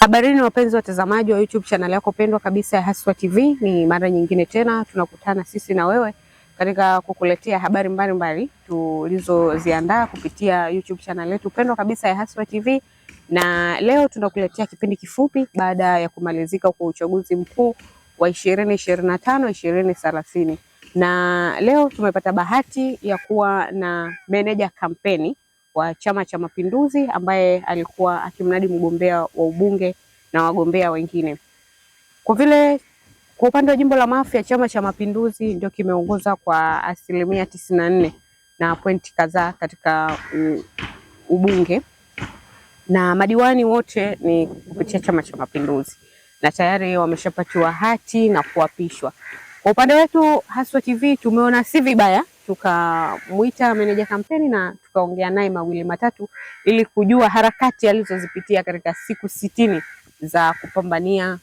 Habarini wapenzi watazamaji wa YouTube channel yako pendwa kabisa ya Haswa TV, ni mara nyingine tena tunakutana sisi na wewe katika kukuletea habari mbalimbali tulizoziandaa kupitia YouTube channel yetu pendwa kabisa ya Haswa TV, na leo tunakuletea kipindi kifupi baada ya kumalizika kwa uchaguzi mkuu wa ishirini ishirini na tano ishirini thelathini na leo tumepata bahati ya kuwa na meneja kampeni wa Chama cha Mapinduzi ambaye alikuwa akimnadi mgombea wa ubunge na wagombea wengine. Kwa vile kwa upande wa jimbo la Mafia, Chama cha Mapinduzi ndio kimeongoza kwa asilimia tisini na nne na pointi kadhaa katika ubunge na madiwani wote ni kupitia Chama cha Mapinduzi na tayari wameshapatiwa hati na kuapishwa. Kwa upande wetu Haswa TV tumeona si vibaya tukamwita meneja kampeni na tukaongea naye mawili matatu ili kujua harakati alizozipitia katika siku sitini za kupambania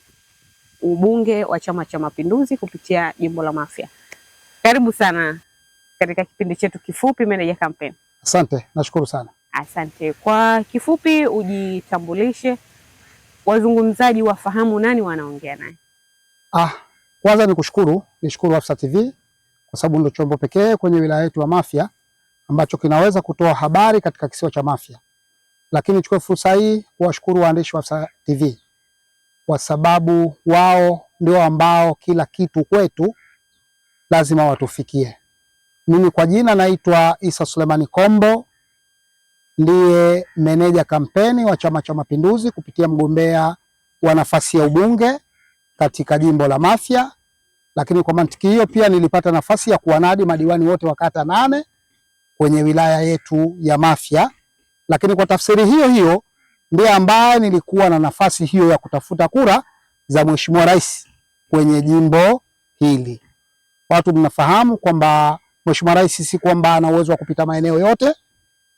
ubunge wa Chama cha Mapinduzi kupitia jimbo la Mafia. Karibu sana katika kipindi chetu kifupi, meneja kampeni. Asante, nashukuru sana. Asante. Kwa kifupi, ujitambulishe, wazungumzaji wafahamu nani wanaongea naye. Ah, kwanza ni kushukuru, nishukuru Hafsa TV kwa sababu ndio chombo pekee kwenye wilaya yetu ya Mafia ambacho kinaweza kutoa habari katika kisiwa cha Mafia. Lakini nichukue fursa hii kuwashukuru waandishi wa Afsa TV kwa sababu wao ndio ambao kila kitu kwetu lazima watufikie. Mimi kwa jina naitwa Isa Sulemani Kombo, ndiye meneja kampeni wa Chama cha Mapinduzi kupitia mgombea wa nafasi ya ubunge katika jimbo la Mafia lakini kwa mantiki hiyo pia nilipata nafasi ya kuwanadi madiwani wote wa kata nane kwenye wilaya yetu ya Mafia. Lakini kwa tafsiri hiyo hiyo ndiye ambaye nilikuwa na nafasi hiyo ya kutafuta kura za Mheshimiwa Rais kwenye jimbo hili. Watu mnafahamu kwamba Mheshimiwa Rais si kwamba ana uwezo wa kupita maeneo yote,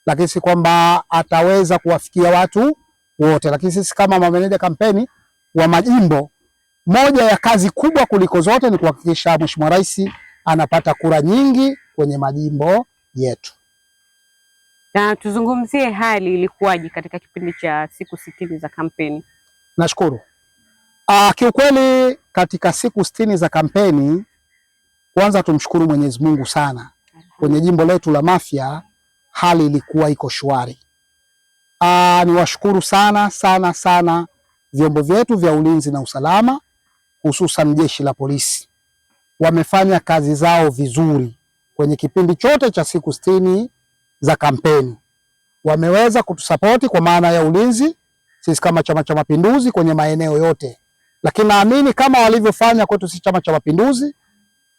lakini si kwamba ataweza kuwafikia watu wote, lakini sisi kama mameneja kampeni wa majimbo moja ya kazi kubwa kuliko zote ni kuhakikisha Mheshimiwa Rais anapata kura nyingi kwenye majimbo yetu. Na tuzungumzie hali ilikuwaje katika kipindi cha siku sitini za kampeni? Nashukuru. Ah, kiukweli katika siku sitini za kampeni, kwanza tumshukuru Mwenyezi Mungu sana. Kwenye jimbo letu la Mafia hali ilikuwa iko shwari. Ah, niwashukuru sana sana sana vyombo vyetu vya ulinzi na usalama hususan jeshi la polisi wamefanya kazi zao vizuri kwenye kipindi chote cha siku sitini za kampeni. Wameweza kutusapoti kwa maana ya ulinzi sisi kama Chama cha Mapinduzi kwenye maeneo yote, lakini naamini kama walivyofanya kwetu sisi Chama cha Mapinduzi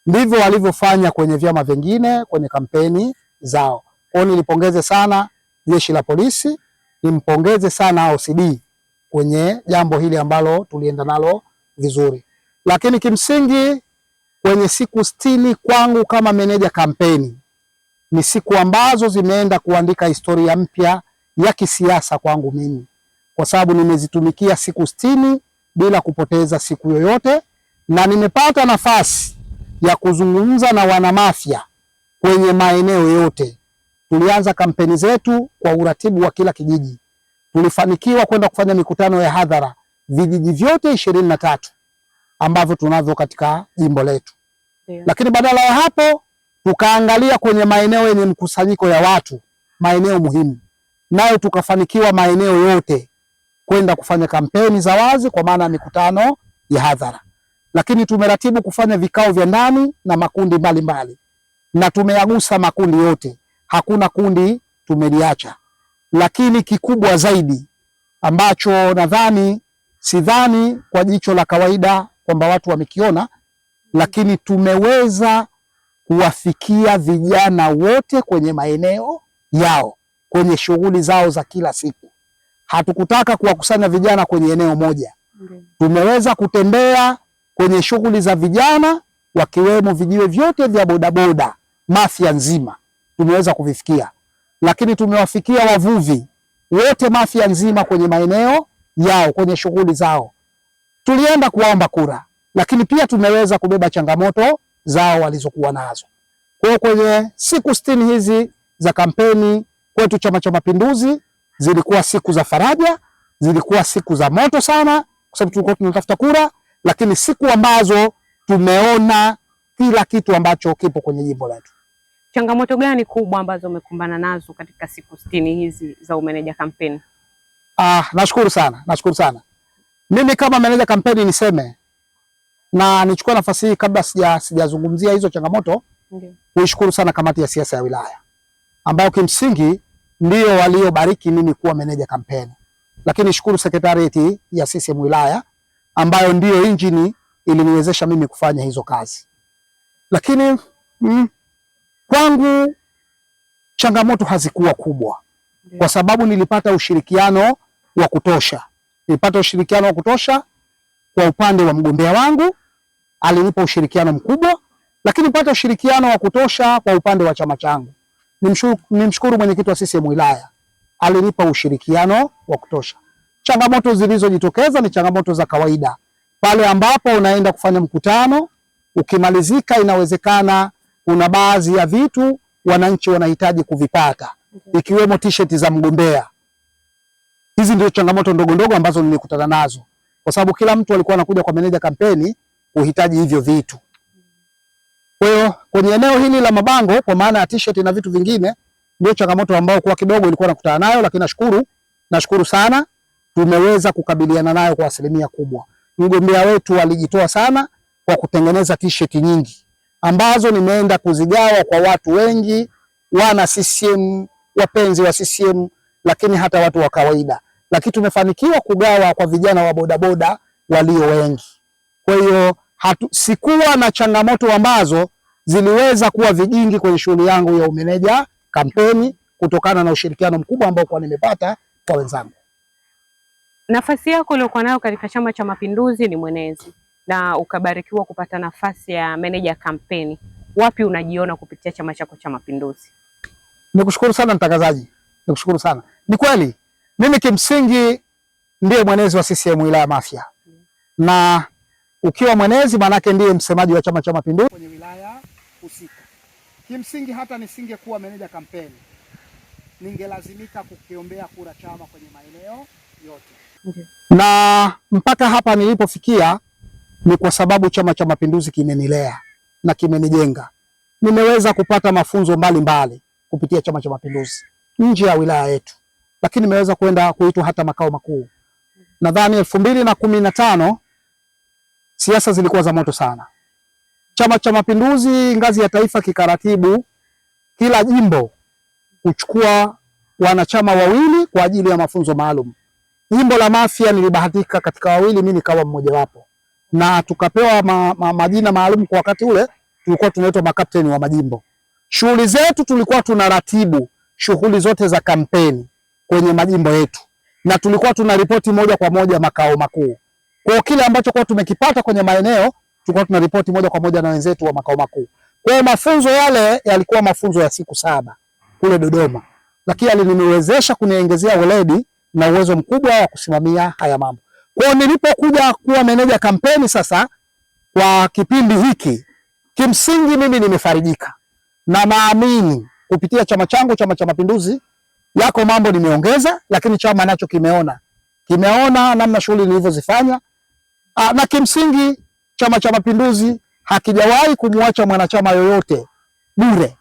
ndivyo walivyofanya kwenye vyama vingine kwenye kampeni zao. Kwao nilipongeze sana jeshi la polisi, nimpongeze sana OCD kwenye jambo hili ambalo tulienda nalo vizuri. Lakini kimsingi kwenye siku sitini kwangu kama meneja kampeni ni siku ambazo zimeenda kuandika historia mpya ya kisiasa kwangu mimi, kwa sababu nimezitumikia siku sitini bila kupoteza siku yoyote, na nimepata nafasi ya kuzungumza na wanamafia kwenye maeneo yote. Tulianza kampeni zetu kwa uratibu wa kila kijiji, tulifanikiwa kwenda kufanya mikutano ya hadhara vijiji vyote ishirini na tatu ambavyo tunavyo katika jimbo letu yeah. Lakini badala ya hapo tukaangalia kwenye maeneo yenye mkusanyiko ya watu, maeneo muhimu, nayo tukafanikiwa maeneo yote kwenda kufanya kampeni za wazi kwa maana ya mikutano ya hadhara, lakini tumeratibu kufanya vikao vya ndani na makundi mbalimbali mbali. Na tumeyagusa makundi yote, hakuna kundi tumeliacha. Lakini kikubwa zaidi ambacho nadhani sidhani kwa jicho la kawaida kwamba watu wamekiona, lakini tumeweza kuwafikia vijana wote kwenye maeneo yao, kwenye shughuli zao za kila siku. Hatukutaka kuwakusanya vijana kwenye eneo moja, tumeweza kutembea kwenye shughuli za vijana, wakiwemo vijiwe vyote vya bodaboda Mafia nzima tumeweza kuvifikia, lakini tumewafikia wavuvi wote Mafia nzima kwenye maeneo yao, kwenye shughuli zao Tulienda kuwaomba kura, lakini pia tumeweza kubeba changamoto zao walizokuwa nazo. Kwa kwenye siku sitini hizi za kampeni kwetu Chama cha Mapinduzi zilikuwa siku za faraja, zilikuwa siku za moto sana, kwa sababu tulikuwa tunatafuta kura, lakini siku ambazo tumeona kila kitu ambacho kipo kwenye jimbo letu. Changamoto gani kubwa ambazo umekumbana nazo katika siku sitini hizi za umeneja kampeni? Ah, nashukuru sana, nashukuru sana. Mimi kama meneja kampeni niseme na nichukua nafasi hii kabla sija sijazungumzia hizo changamoto kuishukuru okay, sana kamati ya siasa ya wilaya ambayo kimsingi ndio waliobariki mimi kuwa meneja kampeni, lakini shukuru sekretarieti ya CCM wilaya ambayo ndiyo injini iliniwezesha mimi kufanya hizo kazi. Lakini mm, kwangu changamoto hazikuwa kubwa kwa sababu nilipata ushirikiano wa kutosha nipate ushirikiano wa kutosha kwa upande wa mgombea wangu, alinipa ushirikiano mkubwa, lakini pata ushirikiano wa kutosha kwa upande wa chama changu. Nimshukuru mwenyekiti wa CCM wilaya, alinipa ushirikiano wa kutosha. Changamoto zilizojitokeza ni changamoto za kawaida pale ambapo unaenda kufanya mkutano, ukimalizika, inawezekana kuna baadhi ya vitu wananchi wanahitaji kuvipata, ikiwemo tisheti za mgombea Hizi ndio changamoto ndogo ndogo ambazo nilikutana nazo, kwa sababu kila mtu alikuwa anakuja kwa meneja kampeni kuhitaji hivyo vitu. Kwa hiyo kwenye eneo hili la mabango, kwa maana ya t-shirt na vitu vingine, ndio changamoto ambayo kwa kidogo ilikuwa nakutana nayo, lakini nashukuru, nashukuru sana tumeweza kukabiliana nayo kwa asilimia kubwa. Mgombea wetu alijitoa sana kwa kutengeneza t-shirt nyingi ambazo nimeenda kuzigawa kwa watu wengi, wana CCM, wapenzi wa CCM, lakini hata watu wa kawaida lakini tumefanikiwa kugawa kwa vijana wa bodaboda walio wengi. Kwa hiyo sikuwa na changamoto ambazo ziliweza kuwa vijingi kwenye shughuli yangu ya umeneja kampeni kutokana na ushirikiano mkubwa ambao kwa nimepata kwa wenzangu. Nafasi yako uliokuwa nayo katika Chama cha Mapinduzi ni mwenezi na ukabarikiwa kupata nafasi ya meneja kampeni, wapi unajiona kupitia chama chako cha Mapinduzi? Nikushukuru sana mtangazaji, nikushukuru sana. Ni kweli mimi kimsingi ndiye mwenezi wa CCM wilaya Mafia na ukiwa mwenezi maanake ndiye msemaji wa Chama cha Mapinduzi kwenye wilaya husika. Kimsingi hata nisingekuwa meneja kampeni, ningelazimika kukiombea kura chama kwenye maeneo yote okay. Na mpaka hapa nilipofikia ni kwa sababu Chama cha Mapinduzi kimenilea na kimenijenga. Nimeweza kupata mafunzo mbalimbali mbali kupitia Chama cha Mapinduzi nje ya wilaya yetu lakini imeweza kwenda kuitwa hata makao makuu. Nadhani elfu mbili na kumi na tano siasa zilikuwa za moto sana. Chama cha Mapinduzi ngazi ya taifa kikaratibu kila jimbo kuchukua wanachama wawili kwa ajili ya mafunzo maalum. Jimbo la Mafia nilibahatika katika wawili, mimi nikawa mmojawapo na tukapewa ma, ma, majina maalum. Kwa wakati ule tulikuwa tunaitwa makapteni wa majimbo. Shughuli zetu tulikuwa tunaratibu shughuli zote za kampeni kwenye majimbo yetu, na tulikuwa tuna ripoti moja kwa moja makao makuu. Kwa hiyo kile ambacho kwa tumekipata kwenye maeneo tulikuwa ripoti moja kwa moja na wenzetu wa makao makuu. Kwa hiyo mafunzo yale yalikuwa mafunzo ya siku saba kule Dodoma, lakini aliniwezesha kuniongezea weledi na uwezo mkubwa wa kusimamia haya mambo. Kwa hiyo nilipokuja kuwa meneja kampeni sasa kwa kipindi hiki, kimsingi mimi nimefarijika na naamini kupitia chama changu Chama cha Mapinduzi yako mambo nimeongeza, lakini chama nacho kimeona kimeona namna shughuli nilivyozifanya, ah, na kimsingi Chama cha Mapinduzi hakijawahi kumwacha mwanachama yoyote bure.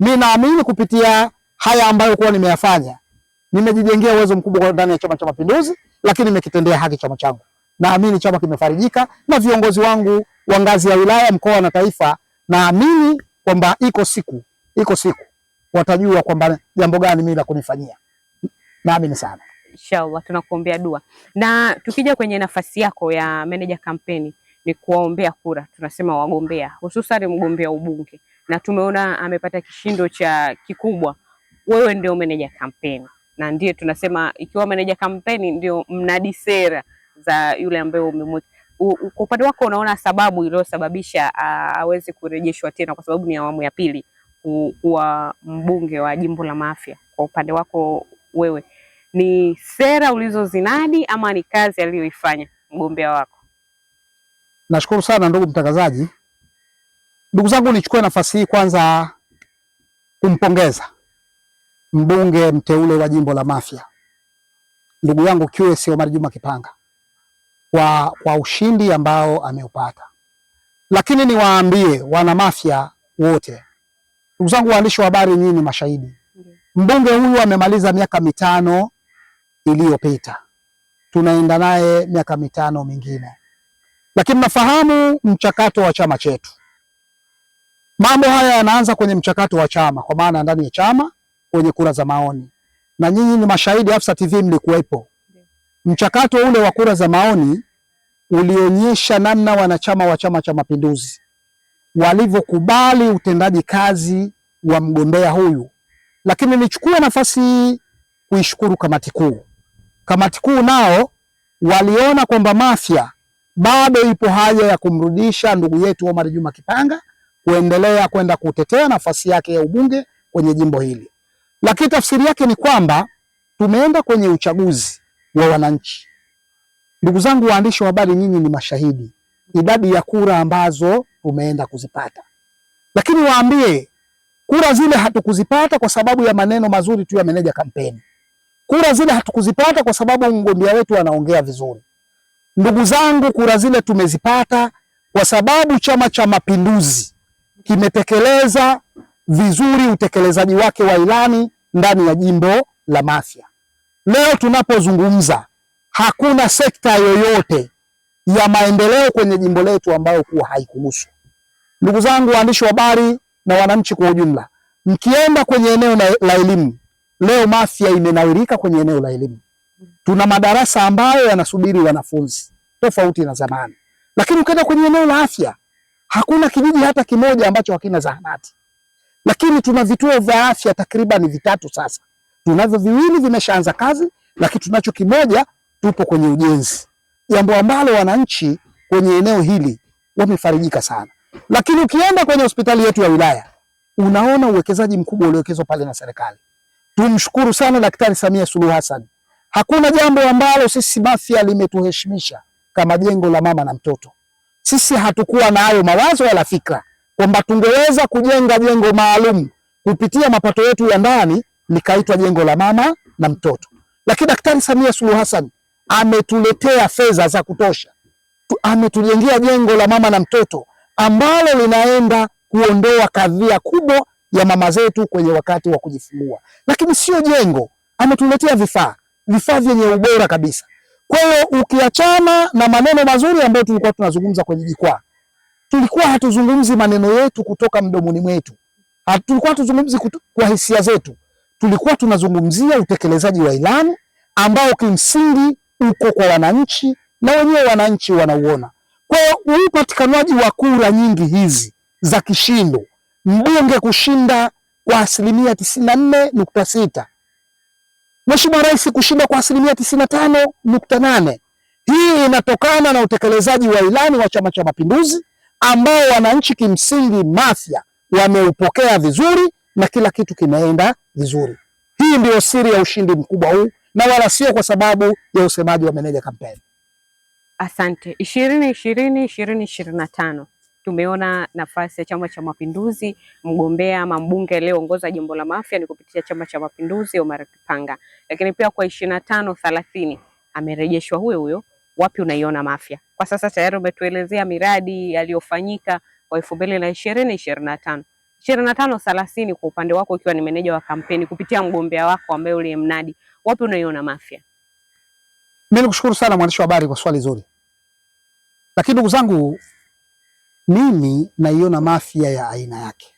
Mimi naamini kupitia haya ambayo kwa nimeyafanya nimejijengea uwezo mkubwa ndani ya Chama cha Mapinduzi, lakini nimekitendea haki chama changu. Naamini chama kimefarijika na viongozi wangu wa ngazi ya wilaya, mkoa na taifa. Naamini kwamba iko siku, iko siku watajua kwamba jambo gani mimi la kunifanyia. Naamini sana inshallah, tunakuombea dua. Na tukija kwenye nafasi yako ya meneja kampeni, ni kuwaombea kura, tunasema wagombea, hususan mgombea ubunge, na tumeona amepata kishindo cha kikubwa. Wewe ndio meneja kampeni na ndiye tunasema, ikiwa meneja kampeni ndio mnadi sera za yule ambaye umemweka kwa upande wako, unaona sababu iliyosababisha ah, aweze kurejeshwa tena, kwa sababu ni awamu ya pili kuwa mbunge wa jimbo la Mafia, kwa upande wako wewe ni sera ulizozinadi ama ni kazi aliyoifanya mgombea wako? Nashukuru sana ndugu mtangazaji. Ndugu zangu, nichukue nafasi hii kwanza kumpongeza mbunge mteule wa jimbo la Mafia ndugu yangu QS Omar Juma Kipanga kwa, kwa ushindi ambao ameupata, lakini niwaambie wana Mafia wote Ndugu zangu waandishi wa habari, nyinyi ni mashahidi. Mbunge huyu amemaliza miaka mitano iliyopita, tunaenda naye miaka mitano mingine, lakini mnafahamu mchakato wa chama chetu. Mambo haya yanaanza kwenye mchakato wa chama, kwa maana ndani ya chama kwenye kura za maoni, na nyinyi ni mashahidi. Afsa TV mlikuwepo. Mchakato ule wa kura za maoni ulionyesha namna wanachama wa Chama cha Mapinduzi walivyokubali utendaji kazi wa mgombea huyu. Lakini nichukue nafasi hii kuishukuru kamati kuu. Kamati kuu nao waliona kwamba Mafia bado ipo haja ya kumrudisha ndugu yetu Omar Juma Kipanga kuendelea kwenda kutetea nafasi yake ya ubunge kwenye jimbo hili. Lakini tafsiri yake ni kwamba tumeenda kwenye uchaguzi wa wananchi. Ndugu zangu waandishi wa habari, nyinyi ni mashahidi idadi ya kura ambazo tumeenda kuzipata, lakini waambie kura zile hatukuzipata kwa sababu ya maneno mazuri tu ya meneja kampeni. Kura zile hatukuzipata kwa sababu mgombea wetu anaongea vizuri. Ndugu zangu, kura zile tumezipata kwa sababu Chama cha Mapinduzi kimetekeleza vizuri utekelezaji wake wa ilani ndani ya jimbo la Mafia. Leo tunapozungumza, hakuna sekta yoyote ya maendeleo kwenye jimbo letu ambayo kuwa haikuhusu Ndugu zangu waandishi wa habari na wananchi kwa ujumla, mkienda kwenye eneo la elimu leo, Mafia imenawirika kwenye eneo la elimu. Tuna madarasa ambayo yanasubiri wanafunzi tofauti na zamani, lakini ukienda kwenye eneo la afya hakuna kijiji hata kimoja ambacho hakina zahanati, lakini tuna vituo vya afya takriban vitatu sasa. Tunavyo viwili vimeshaanza kazi, lakini tunacho kimoja tupo kwenye ujenzi, jambo ambalo wananchi kwenye eneo hili wamefarijika sana. Lakini ukienda kwenye hospitali yetu ya wilaya unaona uwekezaji mkubwa uliowekezwa pale na serikali. Tumshukuru sana Daktari Samia Suluhu Hassan. Hakuna jambo ambalo sisi Mafia limetuheshimisha kama jengo la mama na mtoto. Sisi hatukuwa na hayo mawazo wala fikra kwamba tungeweza kujenga jengo maalum kupitia mapato yetu ya ndani likaitwa jengo la mama na mtoto, lakini Daktari Samia Suluhu Hassan ametuletea fedha za kutosha, ametujengea jengo la mama na mtoto ambalo linaenda kuondoa kadhia kubwa ya mama zetu kwenye wakati wa kujifungua. Lakini sio jengo, ametuletea vifaa, vifaa vyenye ubora kabisa. Kwa hiyo ukiachana na maneno mazuri ambayo tulikuwa tunazungumza kwenye jukwaa, tulikuwa hatuzungumzi maneno yetu kutoka mdomoni mwetu, tulikuwa hatuzungumzi kwa hisia zetu, tulikuwa tunazungumzia utekelezaji wa ilani ambao kimsingi uko kwa wananchi na wenyewe wananchi wanauona. Kwa hiyo upatikanaji wa kura nyingi hizi za kishindo, mbunge kushinda kwa asilimia tisini na nne nukta sita Mheshimiwa Rais kushinda kwa asilimia tisini na tano nukta nane Hii inatokana na utekelezaji wa ilani wa Chama cha Mapinduzi ambao wananchi kimsingi mafya wameupokea vizuri na kila kitu kimeenda vizuri. Hii ndiyo siri ya ushindi mkubwa huu na wala sio kwa sababu ya usemaji wa meneja kampeni. Asante. ishirini ishirini ishirini ishirini na tano tumeona nafasi ya Chama cha Mapinduzi, mgombea ama mbunge aliyeongoza jimbo la Mafia ni kupitia Chama cha Mapinduzi Omar Kipanga, lakini pia kwa ishirini na tano thelathini amerejeshwa huyo huyo. Wapi unaiona Mafia kwa sasa? Tayari umetuelezea miradi yaliyofanyika kwa elfu mbili na ishirini ishirini na tano ishirini na tano thelathini kwa upande wako ukiwa ni meneja wa kampeni kupitia mgombea wako ambaye uliyemnadi, wapi unaiona Mafia? Mimi nikushukuru sana mwandishi wa habari kwa swali zuri. Lakini ndugu zangu, mimi naiona Mafia ya aina yake,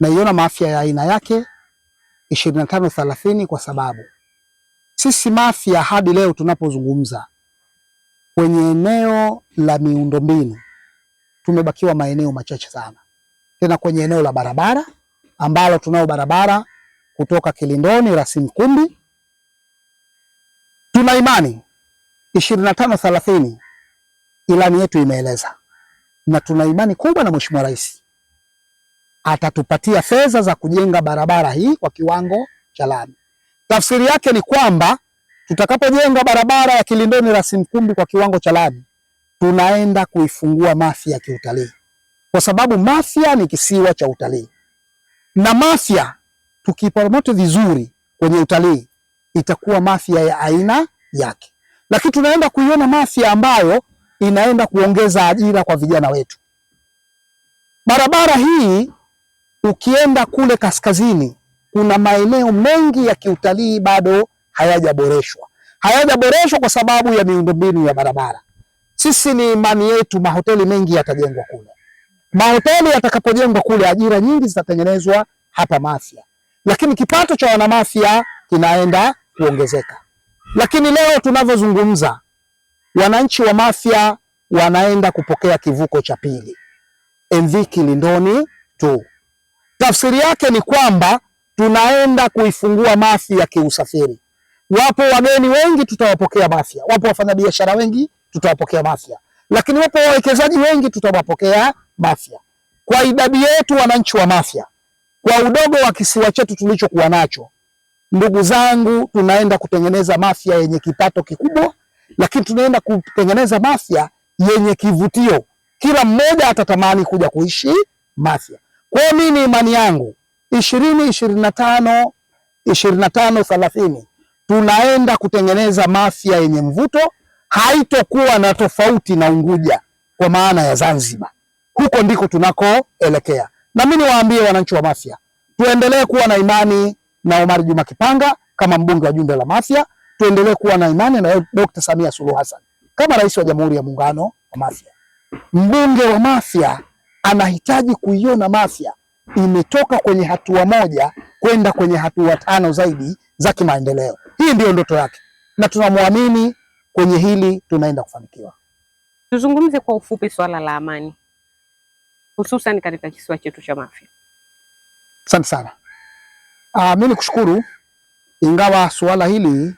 naiona Mafia ya aina yake ishirini na tano thelathini, kwa sababu sisi Mafia hadi leo tunapozungumza kwenye eneo la miundombinu tumebakiwa maeneo machache sana, tena kwenye eneo la barabara ambalo tunao barabara kutoka Kilindoni Kumbi, tuna imani ishirini na tano thelathini Ilani yetu imeeleza na tuna imani kubwa na Mheshimiwa Rais atatupatia fedha za kujenga barabara hii kwa kiwango cha lami. Tafsiri yake ni kwamba tutakapojenga barabara ya Kilindoni Rasimkumbi kwa kiwango cha lami, tunaenda kuifungua Mafia ya kiutalii, kwa sababu Mafia ni kisiwa cha utalii, na Mafia tukipromote vizuri kwenye utalii itakuwa Mafia ya aina yake, lakini tunaenda kuiona Mafia ambayo inaenda kuongeza ajira kwa vijana wetu. Barabara hii ukienda kule kaskazini, kuna maeneo mengi ya kiutalii bado hayajaboreshwa, hayajaboreshwa kwa sababu ya miundombinu ya barabara. Sisi ni imani yetu mahoteli mengi yatajengwa kule. Mahoteli yatakapojengwa kule, ajira nyingi zitatengenezwa hapa Mafia, lakini kipato cha wanamafia kinaenda kuongezeka. Lakini leo tunavyozungumza Wananchi wa Mafia wanaenda kupokea kivuko cha pili MV Kilindoni tu. Tafsiri yake ni kwamba tunaenda kuifungua Mafia kiusafiri. Wapo wageni wengi tutawapokea Mafia, wapo wafanyabiashara wengi tutawapokea Mafia, lakini wapo wawekezaji wengi tutawapokea Mafia. Kwa idadi yetu wananchi wa Mafia, kwa udogo wa kisiwa chetu tulichokuwa nacho, ndugu zangu, tunaenda kutengeneza Mafia yenye kipato kikubwa lakini tunaenda kutengeneza Mafia yenye kivutio, kila mmoja atatamani kuja kuishi Mafia. Kwa hiyo mimi ni imani yangu ishirini ishirini na tano ishirini na tano thelathini tunaenda kutengeneza Mafia yenye mvuto, haitokuwa na tofauti na Unguja kwa maana ya Zanzibar. Huko ndiko tunakoelekea, na mimi niwaambie wananchi wa Mafia tuendelee kuwa na imani na Omari Juma Kipanga kama mbunge wa jumbe la Mafia tuendelee kuwa na imani na Dr. Samia Suluhu Hassan kama rais wa Jamhuri ya Muungano wa Mafia. Mbunge wa Mafia anahitaji kuiona Mafia imetoka kwenye hatua moja kwenda kwenye hatua tano zaidi za kimaendeleo. Hii ndiyo ndoto yake, na tunamwamini kwenye hili, tunaenda kufanikiwa. Tuzungumze kwa ufupi swala la amani, hususan katika kisiwa chetu cha Mafia. Asante sana. Ah, mimi nikushukuru, ingawa suala hili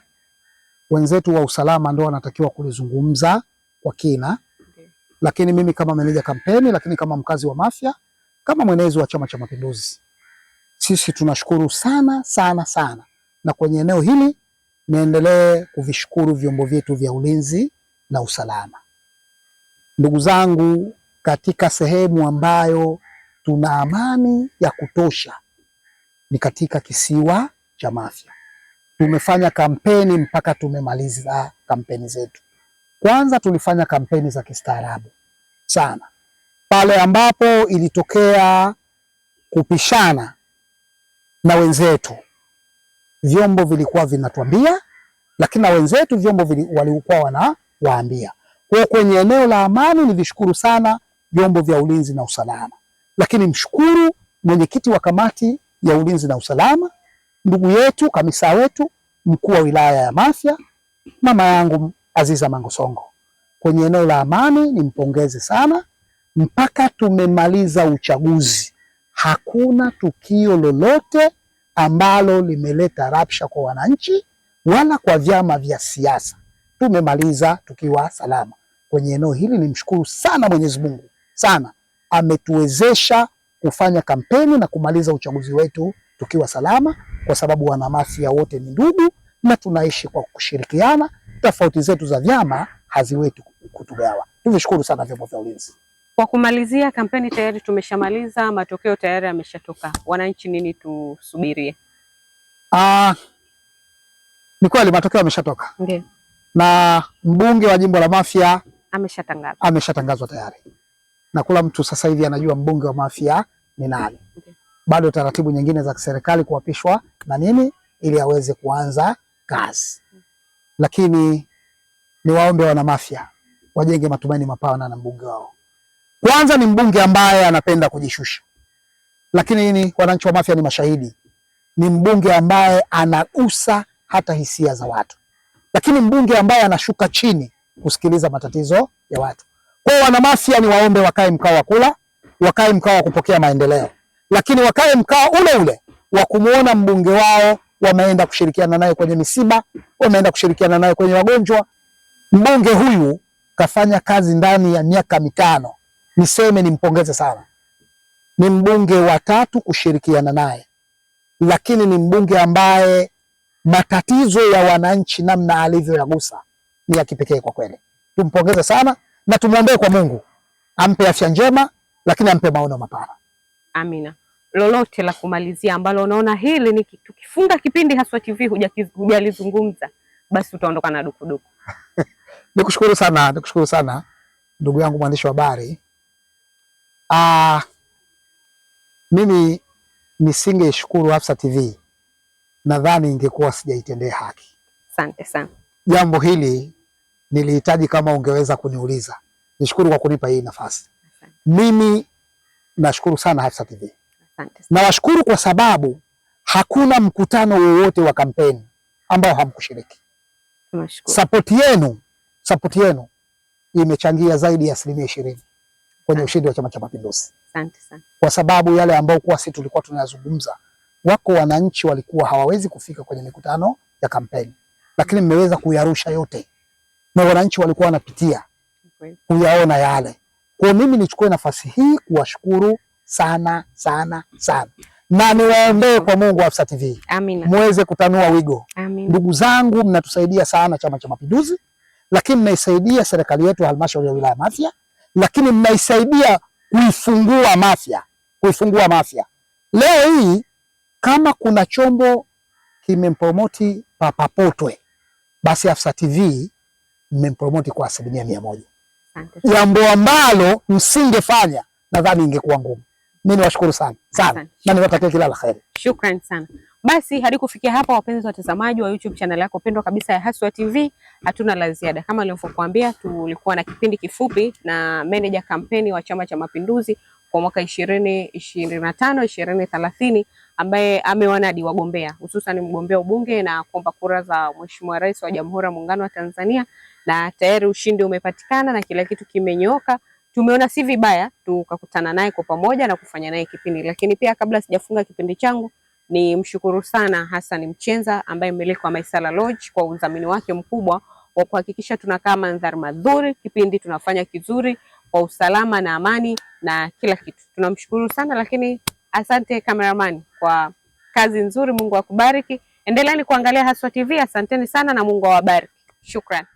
wenzetu wa usalama ndio wanatakiwa kulizungumza kwa kina okay. Lakini mimi kama meneja kampeni, lakini kama mkazi wa Mafia, kama mwenezi wa Chama cha Mapinduzi, sisi tunashukuru sana sana sana, na kwenye eneo hili niendelee kuvishukuru vyombo vyetu vya ulinzi na usalama. Ndugu zangu, katika sehemu ambayo tuna amani ya kutosha ni katika kisiwa cha Mafia tumefanya kampeni mpaka tumemaliza kampeni zetu. Kwanza tulifanya kampeni za kistaarabu sana pale ambapo ilitokea kupishana na wenzetu, vyombo vilikuwa vinatuambia, lakini na wenzetu vyombo walikuwa wanawaambia. Kwa kwenye eneo la amani nilishukuru sana vyombo vya ulinzi na usalama, lakini mshukuru mwenyekiti wa kamati ya ulinzi na usalama ndugu yetu kamisa wetu mkuu wa wilaya ya Mafia, mama yangu Aziza Mangosongo kwenye eneo la Amani, nimpongeze sana. Mpaka tumemaliza uchaguzi, hakuna tukio lolote ambalo limeleta rapsha kwa wananchi wala kwa vyama vya siasa. Tumemaliza tukiwa salama kwenye eneo hili. Nimshukuru sana Mwenyezi Mungu sana, ametuwezesha kufanya kampeni na kumaliza uchaguzi wetu tukiwa salama, kwa sababu wanamafia wote ni ndugu na tunaishi kwa kushirikiana. Tofauti zetu za vyama haziwezi kutugawa. Tuvishukuru sana vyombo vya ulinzi. Kwa kumalizia, kampeni tayari tumeshamaliza, matokeo tayari yameshatoka. Wananchi, nini tusubirie? Ah, ni kweli matokeo yameshatoka, ndio, na mbunge wa jimbo la Mafia ameshatangazwa, ameshatangazwa tayari, na kila mtu sasa hivi anajua mbunge wa Mafia ni nani. Ndiyo bado taratibu nyingine za kiserikali kuapishwa na nini ili aweze kuanza kazi. Lakini niwaombe wana Mafia wajenge matumaini mapana na mbunge wao. Kwanza ni mbunge ambaye anapenda kujishusha, lakini ni wananchi wa Mafia ni mashahidi, ni mbunge ambaye anagusa hata hisia za watu, lakini mbunge ambaye anashuka chini kusikiliza matatizo ya watu. Kwa hiyo wana Mafia ni waombe wakae mkao wa kula, wakae mkao wa kupokea maendeleo lakini wakae mkao ule ule wa kumuona mbunge wao, wameenda kushirikiana naye kwenye misiba, wameenda kushirikiana naye kwenye wagonjwa. Mbunge huyu kafanya kazi ndani ya miaka mitano, niseme nimpongeze sana. Ni mbunge wa tatu kushirikiana naye, lakini ni mbunge ambaye matatizo ya wananchi namna alivyoyagusa ni ya kipekee kwa kweli. Tumpongeze sana na tumwombee kwa Mungu ampe afya njema, lakini ampe maono mapana. Amina lolote la kumalizia ambalo unaona hili ni tukifunga kipindi Haswa TV hujalizungumza, basi utaondoka na dukuduku. Nikushukuru sana, nikushukuru sana ndugu yangu mwandishi wa habari. Ah, mimi nisingeishukuru Hafsa TV, nadhani ingekuwa sijaitendea haki. Asante sana. Jambo hili nilihitaji, kama ungeweza kuniuliza. Nishukuru kwa kunipa hii nafasi. Mimi nashukuru sana Hafsa TV. Nawashukuru kwa sababu hakuna mkutano wowote wa kampeni ambao hamkushiriki. Sapoti yenu sapoti yenu imechangia zaidi ya asilimia ishirini kwenye ushindi wa Chama cha Mapinduzi, kwa sababu yale ambayo kuwa sisi tulikuwa tunayazungumza, wako wananchi walikuwa hawawezi kufika kwenye mikutano ya kampeni, lakini mmeweza kuyarusha yote na wananchi walikuwa wanapitia kuyaona yale. Kwa mimi nichukue nafasi hii kuwashukuru sana sana sana, na niwaombee kwa Mungu Afsa TV Amina. muweze kutanua wigo Amina. Ndugu zangu, mnatusaidia sana Chama cha Mapinduzi, lakini mnaisaidia serikali yetu halmashauri ya wilaya Mafia, lakini mnaisaidia kuifungua Mafia, kuifungua Mafia. Leo hii kama kuna chombo kimempromoti Papa Potwe, basi Afsa TV mmempromoti kwa asilimia mia moja, jambo ambalo msingefanya nadhani ingekuwa ngumu. Mimi niwashukuru sana sana na niwatakie kila la heri Shukran sana. Basi hadi kufikia hapa, wapenzi watazamaji wa YouTube channel yako pendwa kabisa ya Haswa TV, hatuna la ziada. Kama nilivyokuambia, tulikuwa na kipindi kifupi na meneja kampeni wa Chama cha Mapinduzi kwa mwaka ishirini ishirini na tano ishirini thelathini ambaye amewanadi wagombea hususan mgombea ubunge na kuomba kura za Mheshimiwa Rais wa Jamhuri ya Muungano wa Tanzania, na tayari ushindi umepatikana na kila kitu kimenyooka tumeona si vibaya tukakutana naye kwa pamoja na kufanya naye kipindi. Lakini pia kabla sijafunga kipindi changu, ni mshukuru sana Hassan Mchenza ambaye mmiliki wa Maisala Lodge kwa udhamini wake mkubwa wa kuhakikisha tunakaa mandhari mazuri, kipindi tunafanya kizuri kwa usalama na amani na kila kitu. Tunamshukuru sana lakini asante cameraman kwa kazi nzuri. Mungu akubariki. Endeleeni kuangalia Haswa TV. Asanteni sana na Mungu awabariki. Shukrani.